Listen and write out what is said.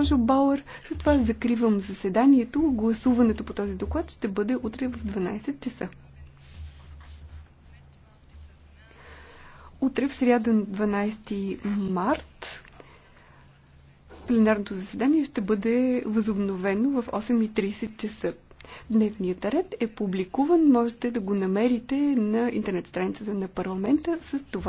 госпожо Бауър. С това закривам заседанието. Гласуването по този доклад ще бъде утре в 12 часа. Утре в сряда 12 март пленарното заседание ще бъде възобновено в 8.30 часа. Дневният ред е публикуван, можете да го намерите на интернет страницата на парламента с това.